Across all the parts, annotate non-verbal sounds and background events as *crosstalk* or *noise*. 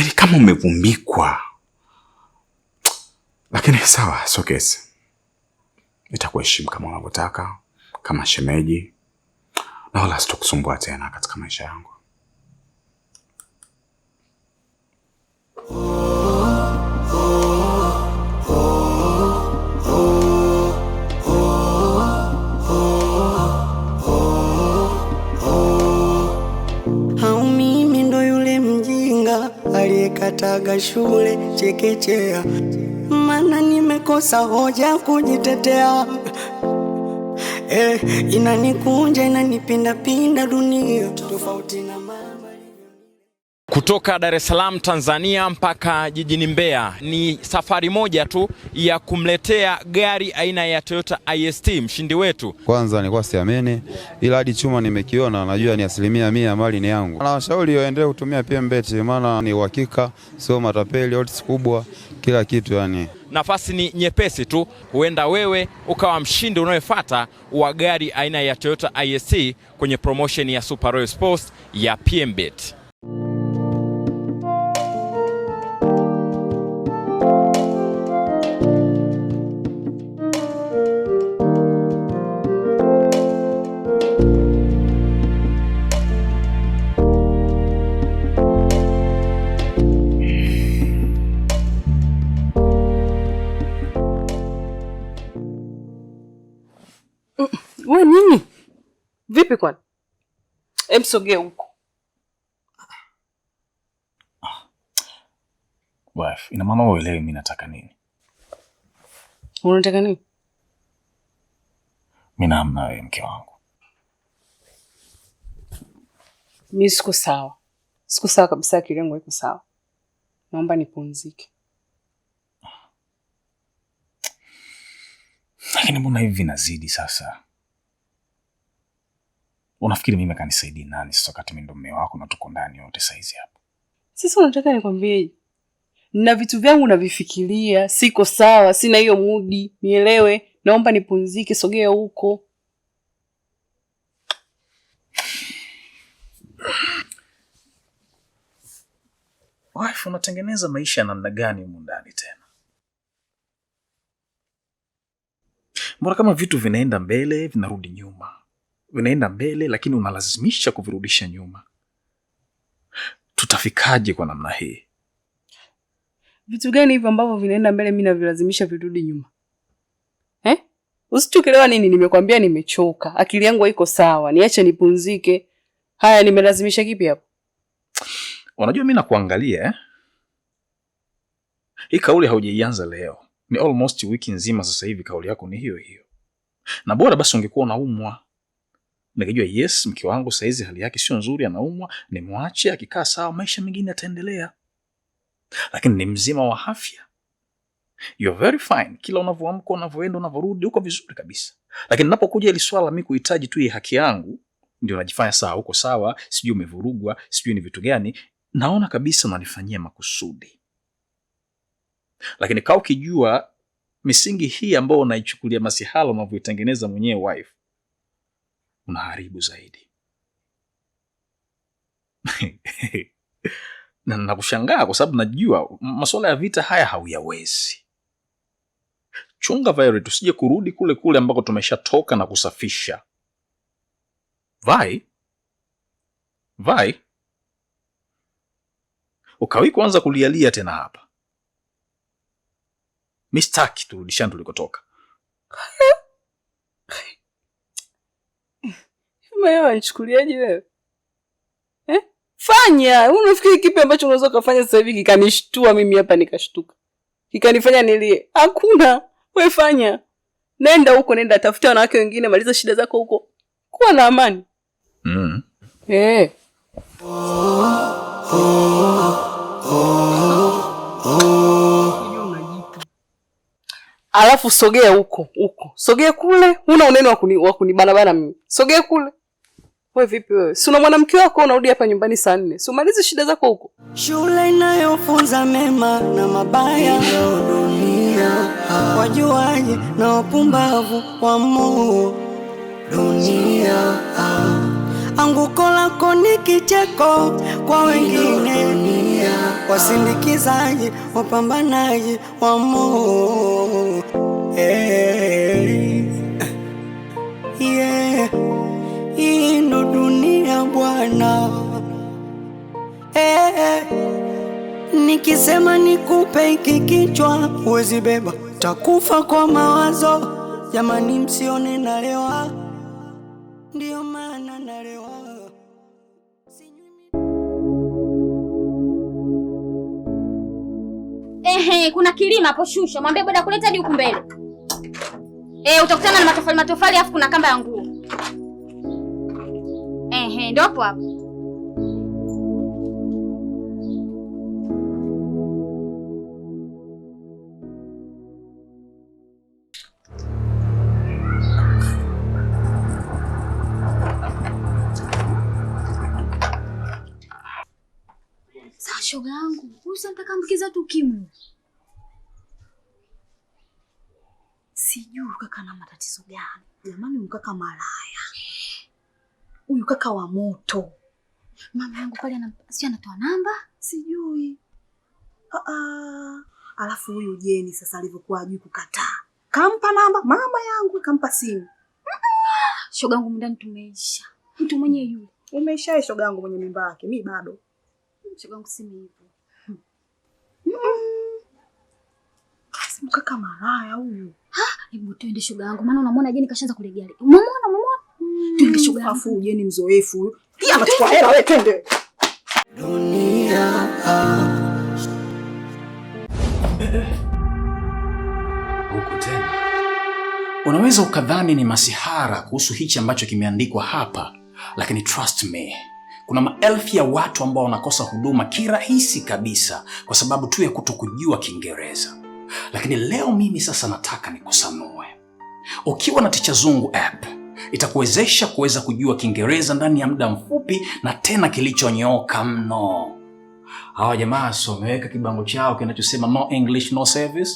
yani kama umevumbikwa, lakini sawa, sio kesi. Nitakuheshimu kama unavyotaka, kama shemeji, na wala sitokusumbua tena katika maisha yangu. kuteteaga shule chekechea, mana nimekosa hoja kujitetea. Eh, inanikunja inanipindapinda dunia tofauti na mama kutoka Dar es Salaam Tanzania mpaka jijini Mbeya ni safari moja tu ya kumletea gari aina ya Toyota IST mshindi wetu. Kwanza nilikuwa siamini, ila hadi chuma nimekiona, najua ni asilimia mia mali ni yangu. Na washauri waendelee kutumia PMBet, maana ni uhakika, sio matapeli, odds kubwa, kila kitu yani nafasi ni nyepesi tu, huenda wewe ukawa mshindi unayefuata wa gari aina ya Toyota IST kwenye promotion ya Super Royal Sports ya PMBet. Vipi kwani? Hem, huko. Wife, ina mama uelewi mimi nataka nini? Unataka nini? Mimi namna wewe mke wangu. Mimi siko sawa. Siko sawa kabisa, akili yangu iko sawa. Naomba nipumzike. Lakini mbona hivi vinazidi sasa? Unafikiri mimi akanisaidii nani sasa, wakati mimi ndo mume wako na tuko ndani yote saizi hapa? Sasa unataka nikwambie, na vitu vyangu navifikiria, siko sawa, sina hiyo mudi, nielewe. Naomba nipumzike, sogea huko. Wife, unatengeneza maisha ya namna gani humu ndani tena? Mbona kama vitu vinaenda mbele vinarudi nyuma unaenda mbele lakini unalazimisha kuvirudisha nyuma. Tutafikaje kwa namna hii? Vitu gani hivyo ambavyo vinaenda mbele mi navilazimisha virudi nyuma eh? Usichukelewa nini, nimekwambia nimechoka, akili yangu haiko sawa, niache nipunzike Haya, nimelazimisha kipi hapo? Unajua mi nakuangalia eh? Hii kauli haujaianza leo, ni almost wiki nzima sasa hivi kauli yako ni hiyo hiyo, na bora basi ungekuwa unaumwa nikijua yes, mke wangu saizi hali yake sio nzuri, anaumwa, nimwache, akikaa sawa, maisha mengine yataendelea. Lakini ni mzima wa afya, you very fine, kila unavyoamka, unavyoenda, unavyorudi, uko vizuri kabisa. Lakini napokuja ile swala mimi kuhitaji tu haki yangu, ndio najifanya sawa, uko sawa, sijui umevurugwa, sijui ni vitu gani, naona kabisa unanifanyia makusudi. Lakini kaa ukijua misingi hii ambayo unaichukulia masihala unavyoitengeneza mwenyewe wife unaharibu zaidi. *laughs* na nakushangaa kwa sababu najua masuala ya vita haya hauyawezi. Chunga Violet, usije kurudi kule kule ambako tumeshatoka na kusafisha. Vai vai, ukawi kuanza kulialia tena hapa. mistaki staki turudishani tulikotoka. *laughs* wewe wanichukuliaje wewe eh? Fanya, unafikiri kipi ambacho unaweza ukafanya sasa hivi kikanishtua mimi hapa nikashtuka kikanifanya nilie? Hakuna. Wewe fanya, nenda huko, nenda tafuta wanawake wengine, maliza shida zako huko, kuwa na amani mm. eh. Alafu sogea huko huko, sogea kule, huna uneno wa kunibanabana mimi, sogea kule we vipi wewe, si una mwanamke wako, unarudi hapa nyumbani saa nne, si shida zako huko. Shule inayofunza mema na mabaya dunia, wajuaji na wapumbavu wa moo dunia. Anguko lako ni kicheko kwa wengine, wasindikizaji, wapambanaji wa moo hey. Eh, eh, eh, yeah dunia bwana eh, eh, Nikisema nikupe hiki kichwa huwezi beba, takufa kwa mawazo. Jamani, msione nalewa, ndio maana nalewa. Ehe, kuna kilima hapo, shusha, mwambie boda kuleta hadi huku mbele. Eh, utakutana na matofali matofali, afu kuna kamba ya nguo. Ehe, ndopo hapo. Sasa shoga yangu, huyu anataka tu ukimwi. Sijui kaka na matatizo gani. Jamani, mkaka malaya huyu kaka wa moto, mama yangu pale sio anatoa namba sijui Aa, ah, ah. alafu huyu Jeni sasa alivyokuwa ajui kukataa, kampa namba mama yangu, kampa simu. Shoga yangu mndani tumeisha, mtu mwenye yule umeisha. Shoga yangu mwenye mimba yake, mi bado. Shoga yangu simi hivyo kaka maraya huyu. Hebu tuende shoga yangu, maana unamwona Jeni kashaanza kulegea. Umemwona, umemwona Mm, Afu mzoefu pia anachukua hela. Wewe twende dunia. tena unaweza ukadhani ni masihara kuhusu hichi ambacho kimeandikwa hapa, lakini trust me, kuna maelfu ya watu ambao wanakosa huduma kirahisi kabisa kwa sababu tu ya kutokujua Kiingereza. Lakini leo mimi sasa nataka nikusanue, ukiwa na Ticha Zungu app itakuwezesha kuweza kujua Kiingereza ndani ya muda mfupi na tena kilichonyooka mno. Hawa jamaa so wameweka kibango chao kinachosema no English no service?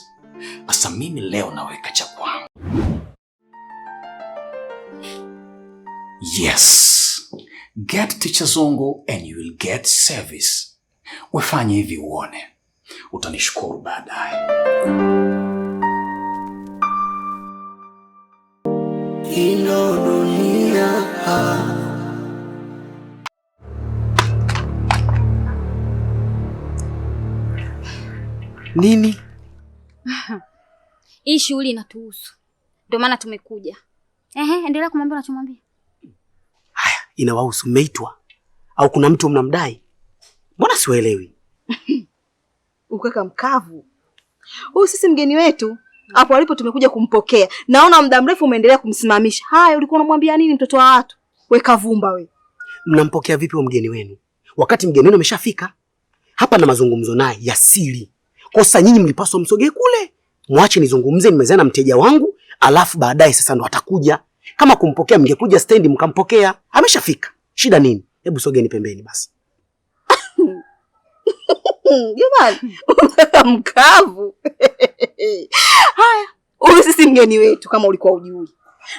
Asa mimi leo naweka cha kwangu. Yes, get Ticha Zungu and you will get service. Wefanye hivi uone, utanishukuru baadaye. ino dunia nini? *laughs* Hii shughuli inatuhusu, ndio maana tumekuja. Ehe, endelea kumwambia unachomwambia. Haya, inawahusu. Mmeitwa au kuna mtu mnamdai? Mbona siwaelewi? *laughs* Ukaka mkavu huyu, sisi mgeni wetu Mm. hapo alipo tumekuja kumpokea. Naona muda mrefu umeendelea kumsimamisha. Haya, ulikuwa unamwambia nini mtoto wa watu? Weka vumba we. Mnampokea vipi mgeni wenu wakati mgeni wenu ameshafika hapa na mazungumzo naye ya siri? Kosa nyinyi mlipaswa msogee kule, mwache nizungumze, nimezana na mteja wangu, alafu baadaye sasa ndo atakuja. Kama kumpokea mngekuja stendi mkampokea, ameshafika. Shida nini? Hebu sogeni pembeni basi. *laughs* Jamani, umekaa mkavu. Haya, huyu sisi mgeni wetu kama ulikuwa ujui,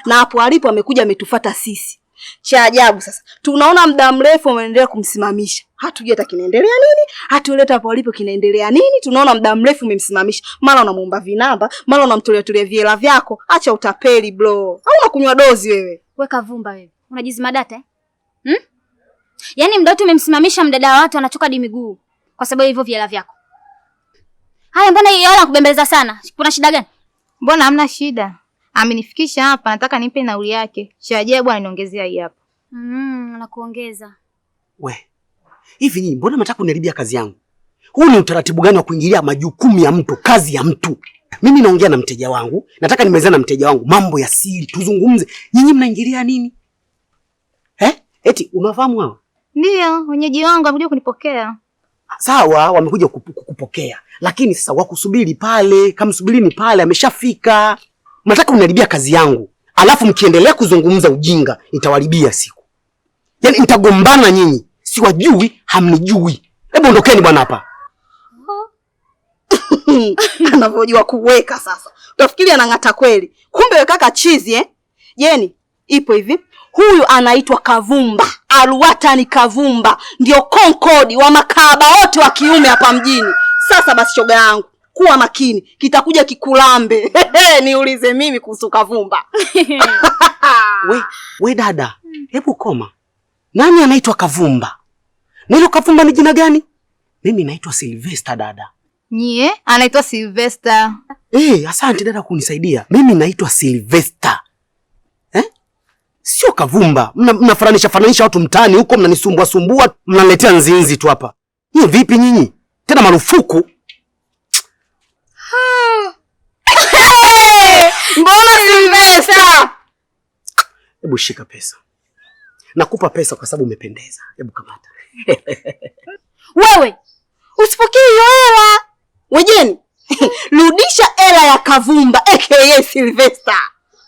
na hapo alipo amekuja ametufata sisi. Cha ajabu sasa, tunaona muda mrefu umeendelea kumsimamisha, hatujui hata kinaendelea nini, hatuleta hapo alipo kinaendelea nini. Tunaona muda mrefu umemsimamisha, mara unamuomba vinamba, mara unamtolea tolea viela vyako. Acha utapeli bro, au unakunywa dozi wewe? Weka vumba wewe, unajizima data eh? hmm? Yaani mdoto umemsimamisha mdada wa watu, anachoka di miguu kwa sababu hivyo vyela vyako. Haya, mbona hiyo hela kubembeleza sana? Kuna shida gani? Mbona hamna shida. Amenifikisha ah, hapa, nataka nimpe nauli yake. Cha ajabu aniongezea hii hapa. Mm, nakuongeza. We. Hivi nyinyi mbona mnataka kuniharibia kazi yangu? Huu ni utaratibu gani wa kuingilia majukumu ya mtu, kazi ya mtu? Mimi naongea na mteja wangu, nataka nimezana na mteja wangu mambo ya siri, tuzungumze. Nyinyi mnaingilia nini? Eh? Eti unafahamu hawa? Ndio, wenyeji wangu amekuja kunipokea sawa, wamekuja kukupokea, lakini sasa wakusubiri pale. Kama pale, ameshafika. mnataka unaribia kazi yangu, alafu mkiendelea kuzungumza ujinga nitawaribia siku, yaani nitagombana nyinyi. Siwajui, hamnijui. Hebu ondokeni bwana hapa. *laughs* Anavyojua kuweka sasa, utafikiri anang'ata kweli, kumbe wekaka chizi eh? Jeni ipo hivi Huyu anaitwa Kavumba, Aluwatani Kavumba, ndio konkodi wa makahaba wote wa kiume hapa mjini. Sasa basi, shoga yangu, kuwa makini, kitakuja kikulambe. Niulize mimi kuhusu Kavumba. *laughs* We, we dada, hebu koma. Nani anaitwa Kavumba? Na hilo Kavumba ni jina gani? Mimi naitwa Silvester dada. Nyie anaitwa Silvester. Eh, asante dada kunisaidia. Mimi naitwa Silvester sio Kavumba. Mnafananisha mna fananisha watu mtaani huko, mnanisumbua sumbua, mnaletea nzinzi tu hapa. Hiyo vipi nyinyi? Tena marufuku. *laughs* Mbona si Hebu shika pesa. Nakupa pesa kwa sababu umependeza. Hebu kamata. *laughs* Wewe usipokee hiyo hela. Wejeni. *laughs* Rudisha hela ya Kavumba aka Silvesta.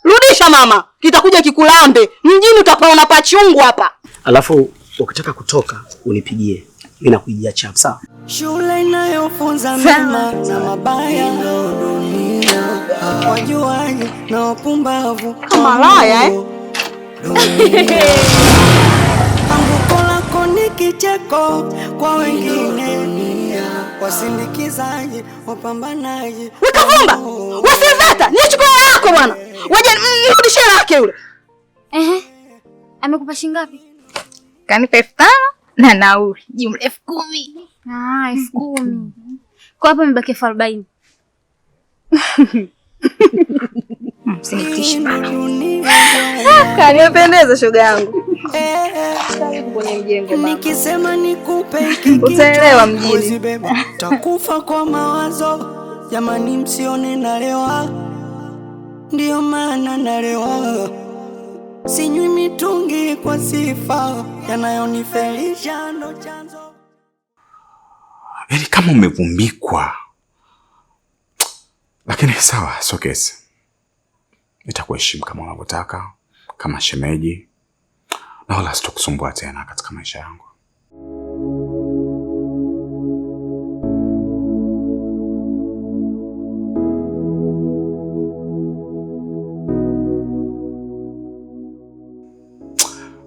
Rudisha mama, kitakuja kikulambe mjini, utapaona pachungu hapa. Alafu ukitaka kutoka unipigie, mimi nakuijia chap. Sawa? Shule inayofunza mema na mabaya, wajuaji na wapumbavu, kama malaya eh? Anguko lako ni kicheko kwa wengine wasindikizaji, wapambanaji, utavumba wasivata. Nichukua yako bwana, waje nirudishie mm, yake yule. Ehe, amekupa shingapi? Kanipa elfu tano na nauli jumla elfu kumi. Ah, elfu kumi kwa hapo imebaki elfu arobaini. *laughs* *laughs* Kanipendeza shoga yangu nikisema nikupe *laughs* utaelewa mjini takufa kwa mawazo jamani, msione nalewa, ndio maana nalewa, sinywi mitungi kwa sifa, yanayonifelisha ndo chanzo. Yaani kama umevumbikwa, lakini sawa, sokesi nitakuheshimu kama unavyotaka, kama shemeji, na wala sitokusumbua tena katika maisha yangu.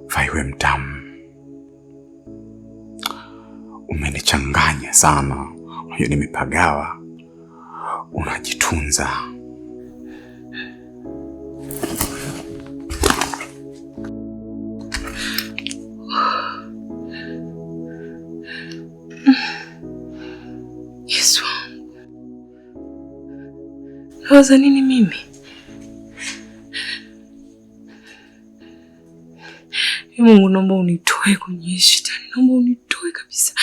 Faiwe mtamu, umenichanganya sana. Unajua nimepagawa. Unajitunza. Nimewaza nini mimi? Ee Mungu, naomba unitoe kwenye hii naomba unitoe kabisa.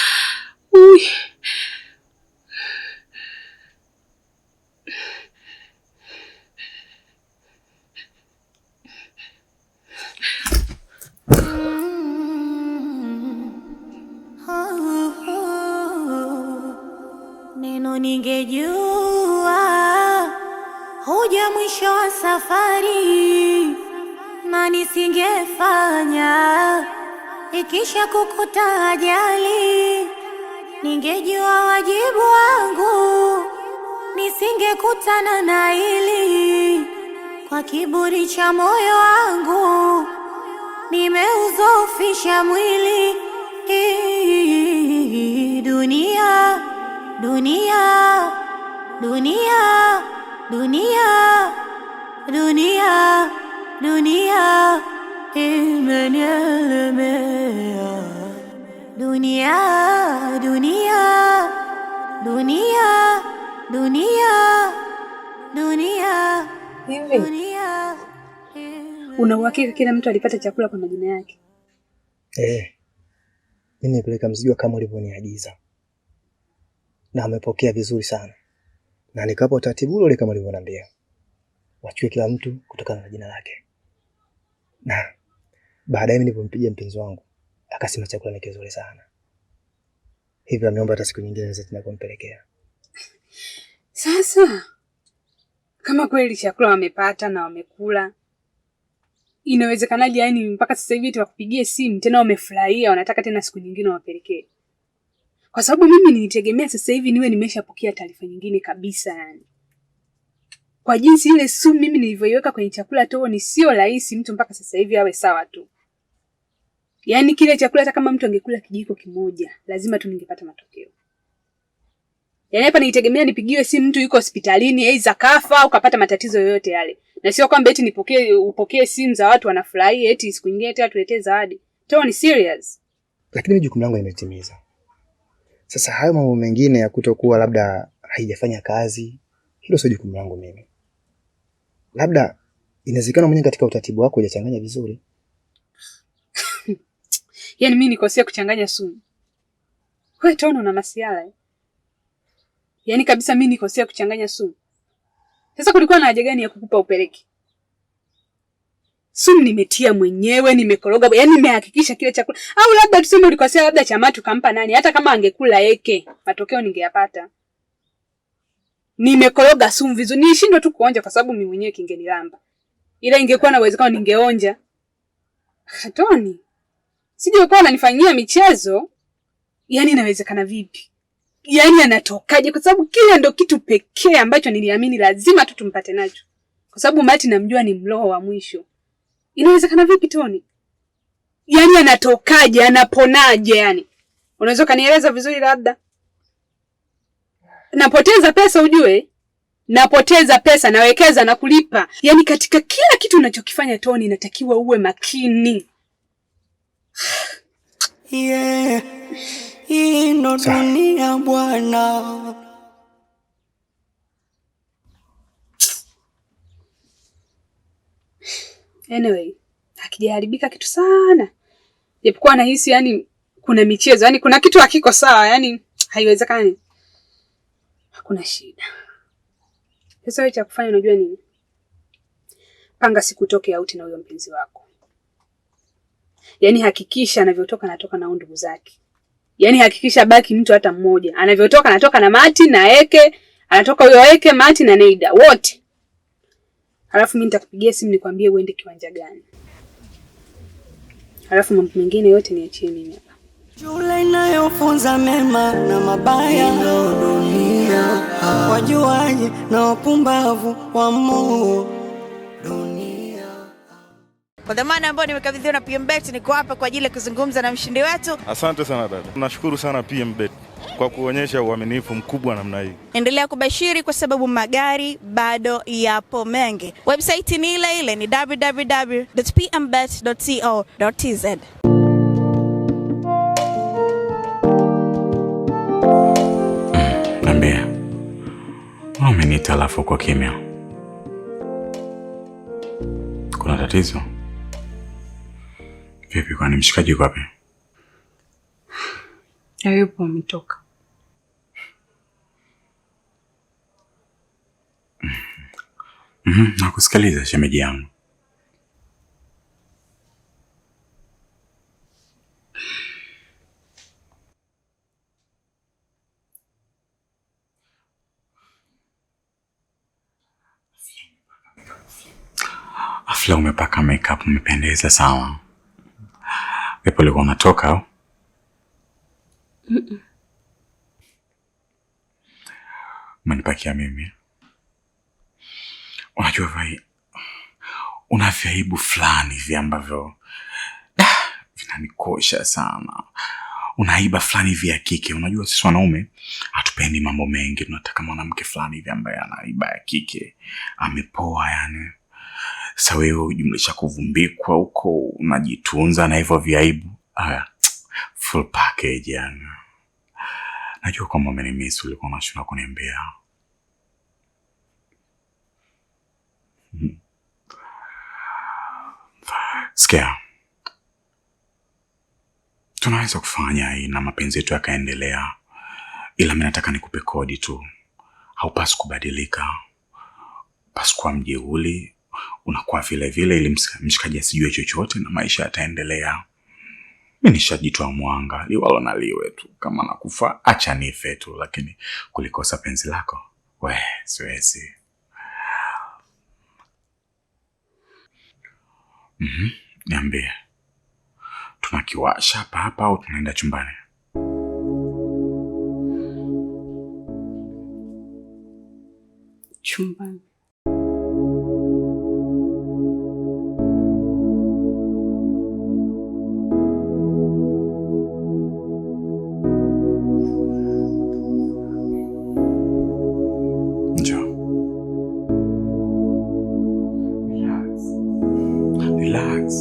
Ui. Neno ningejua huja mwisho wa safari, na nisingefanya ikisha kukuta ajali, ningejua wajibu wangu, nisingekutana na hili. Kwa kiburi cha moyo wangu nimeuzofisha mwili. Dunia, dunia, dunia dunia dunia dunia imenielemea dunia dunia dunia dunia dunia dunia una uhakika kila mtu alipata chakula kwa majina yake eh mimi nipeleka mzigo kama ulivyoniagiza na amepokea vizuri sana na nikawapa utaratibu ule kama alivyoniambia, wachukue kila mtu kutokana na jina lake. Na baadaye nilipompigia mpenzi wangu akasema chakula ni kizuri sana, hivyo ameomba hata siku nyingine naweza tena kumpelekea. Sasa kama kweli chakula wamepata na wamekula, inawezekanaje? Yaani mpaka sasa hivi wakupigie simu tena, wamefurahia, wanataka tena siku nyingine wapelekee kwa sababu mimi nilitegemea sasa hivi niwe nimeshapokea taarifa nyingine kabisa. Yani kwa jinsi ile sumu mimi nilivyoiweka kwenye chakula too, ni sio rahisi mtu mpaka sasa hivi awe sawa tu. Yaani kile chakula hata kama mtu angekula kijiko kimoja, lazima tu ningepata matokeo. Yaani hapa nilitegemea nipigiwe simu mtu yuko hospitalini, aidha kafa au kapata matatizo yoyote yale, na sio kwamba eti nipokee upokee simu za watu wanafurahia, eti siku nyingine tena tuletee zawadi. Too ni serious, lakini jukumu langu nimetimiza sasa hayo mambo mengine ya kutokuwa labda haijafanya kazi, hilo sio jukumu langu mimi. Labda inawezekana mwenyewe katika utaratibu wako hujachanganya vizuri. *laughs* Yaani mimi nikosea kuchanganya sumu? Wewe tona una masiala eh? Yaani kabisa mimi nikosea kuchanganya sumu? Sasa kulikuwa na haja gani ya kukupa upeleke? sumu nimetia mwenyewe, nimekoroga, yaani nimehakikisha kile chakula. Au labda tuseme ulikosea, labda chama tukampa nani, hata kama angekula eke, matokeo ningeyapata. Nimekoroga sumu vizuri, nishindwe tu kuonja kwa sababu mimi mwenyewe kingenilamba, ila ingekuwa na uwezekano ningeonja. Hatoni, sije ukawa unanifanyia michezo. Yaani inawezekana vipi? Yaani anatokaje? Kwa sababu kile ndo kitu pekee ambacho niliamini lazima tu tumpate nacho, kwa sababu Mati namjua ni mloho wa mwisho. Inawezekana vipi Toni? Yaani anatokaje? Anaponaje? Yani unaweza ukanieleza vizuri? Labda napoteza pesa, ujue napoteza pesa, nawekeza na kulipa. Yaani katika kila kitu unachokifanya Toni, inatakiwa uwe makini. Yeah, hii ndo dunia bwana. Anyway, hakijaharibika kitu sana, japokuwa nahisi yani kuna michezo, yani kuna kitu hakiko sawa, yani haiwezekani. Hakuna shida. Sasa wewe cha kufanya unajua nini? Panga siku toke auti na huyo mpenzi wako, yaani hakikisha anavyotoka anatoka na ndugu zake, yaani hakikisha baki mtu hata mmoja. Anavyotoka anatoka na Mati na Eke, anatoka huyo Eke, Mati na Neida wote halafu mimi nitakupigia simu nikwambie uende kiwanja gani, halafu mambo mengine yote niachie mimi hapa. Shule inayofunza mema na mabaya, dunia wajuaji na wapumbavu wa moo kwa dhamana ambayo nimekabidhiwa na PMBet, niko hapa kwa ajili ya kuzungumza na mshindi wetu. Asante sana dada, nashukuru sana PMBet kwa kuonyesha uaminifu mkubwa namna hii. Endelea kubashiri kwa sababu magari bado yapo mengi. Website ni ile ile, ni www.pmbet.co.tz. Ameniita alafu kwa kimya. Kuna tatizo vipi? Kwani mshikaji yuko wapi? Hayupo, ametoka. Mm -hmm, nakusikiliza shemeji yangu. Afla, umepaka makeup umependeza, sawa. Wepo ulikuwa unatoka au? Umenipakia mimi. Unajua Vai, una viaibu fulani hivi ambavyo vinanikosha sana. Unaiba fulani hivi ya kike. Unajua sisi wanaume hatupendi mambo mengi, tunataka mwanamke fulani hivi ambaye anaiba ya kike, amepoa yani. Sasa wewe ujumlisha kuvumbikwa huko, unajitunza na hivyo viaibu haya full package yani. Najua kwamba umenimiss, ulikuwa unashindwa kuniambia. Sikia, tunaweza kufanya hii na mapenzi yetu yakaendelea, ila mimi nataka nikupe kodi tu. Haupasi kubadilika, pasi kuwa mjeuli, unakuwa vile vile, ili mshikaji asijue chochote na maisha yataendelea mi nishajitoa mwanga liwalo na liwe tu, kama nakufa acha nife tu, lakini kulikosa penzi lako we siwezi. mm -hmm. Niambie, tunakiwasha hapa hapa au tunaenda chumbani? Chumbani. friends.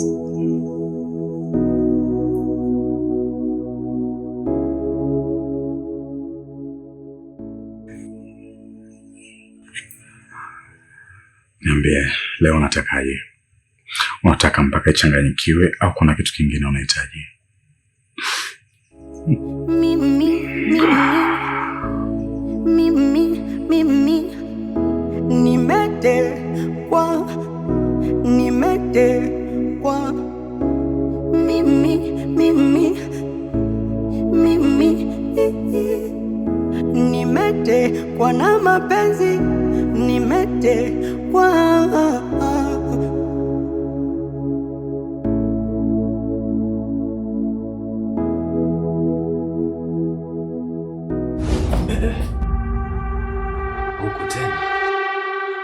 Niambie leo unatakaje? Unataka mpaka ichanganyikiwe au kuna kitu kingine unahitaji? Mimi nimete kwa na mapenzi nimete kwa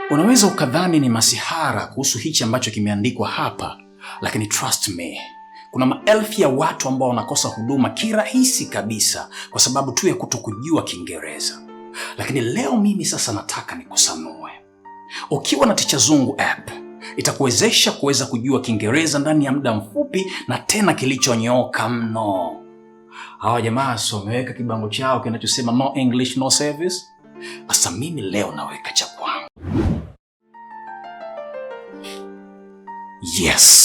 unaweza ukadhani ni masihara kuhusu hichi ambacho kimeandikwa hapa, lakini trust me kuna maelfu ya watu ambao wanakosa huduma kirahisi kabisa kwa sababu tu ya kutokujua Kiingereza. Lakini leo mimi sasa nataka nikusanue. Ukiwa na Ticha Zungu app itakuwezesha kuweza kujua Kiingereza ndani ya muda mfupi na tena kilichonyooka mno. Hawa jamaa so wameweka kibango chao kinachosema no English no service? Sasa mimi leo naweka cha kwangu. Yes.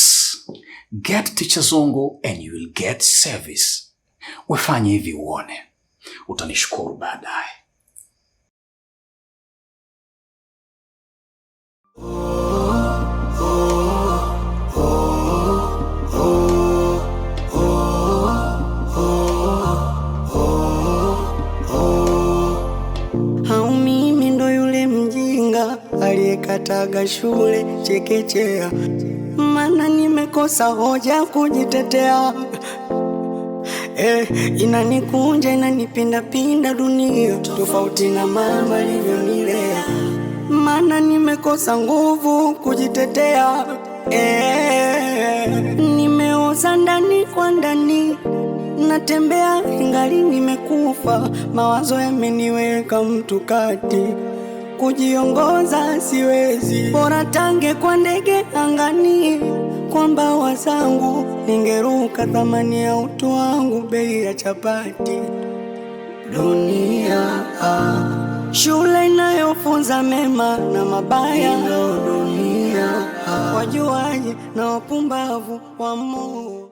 Get Ticha Zungu and you will get service. Wefanye hivi uone, utanishukuru baadaye. Kataga shule chekechea, mana nimekosa hoja kujitetea. Eh, inanikunja inanipindapinda dunia, tofauti na mama alivyonilea maana nimekosa nguvu kujitetea eh, nimeoza ndani kwa ndani, natembea ingali nimekufa, mawazo yameniweka mtu kati kujiongoza siwezi, bora tange kwa ndege angani, kwa mbawa zangu ningeruka. Thamani ya utu wangu bei ya chapati dunia ah shule inayofunza mema na mabaya, dunia wajuaji na wapumbavu wa Mungu.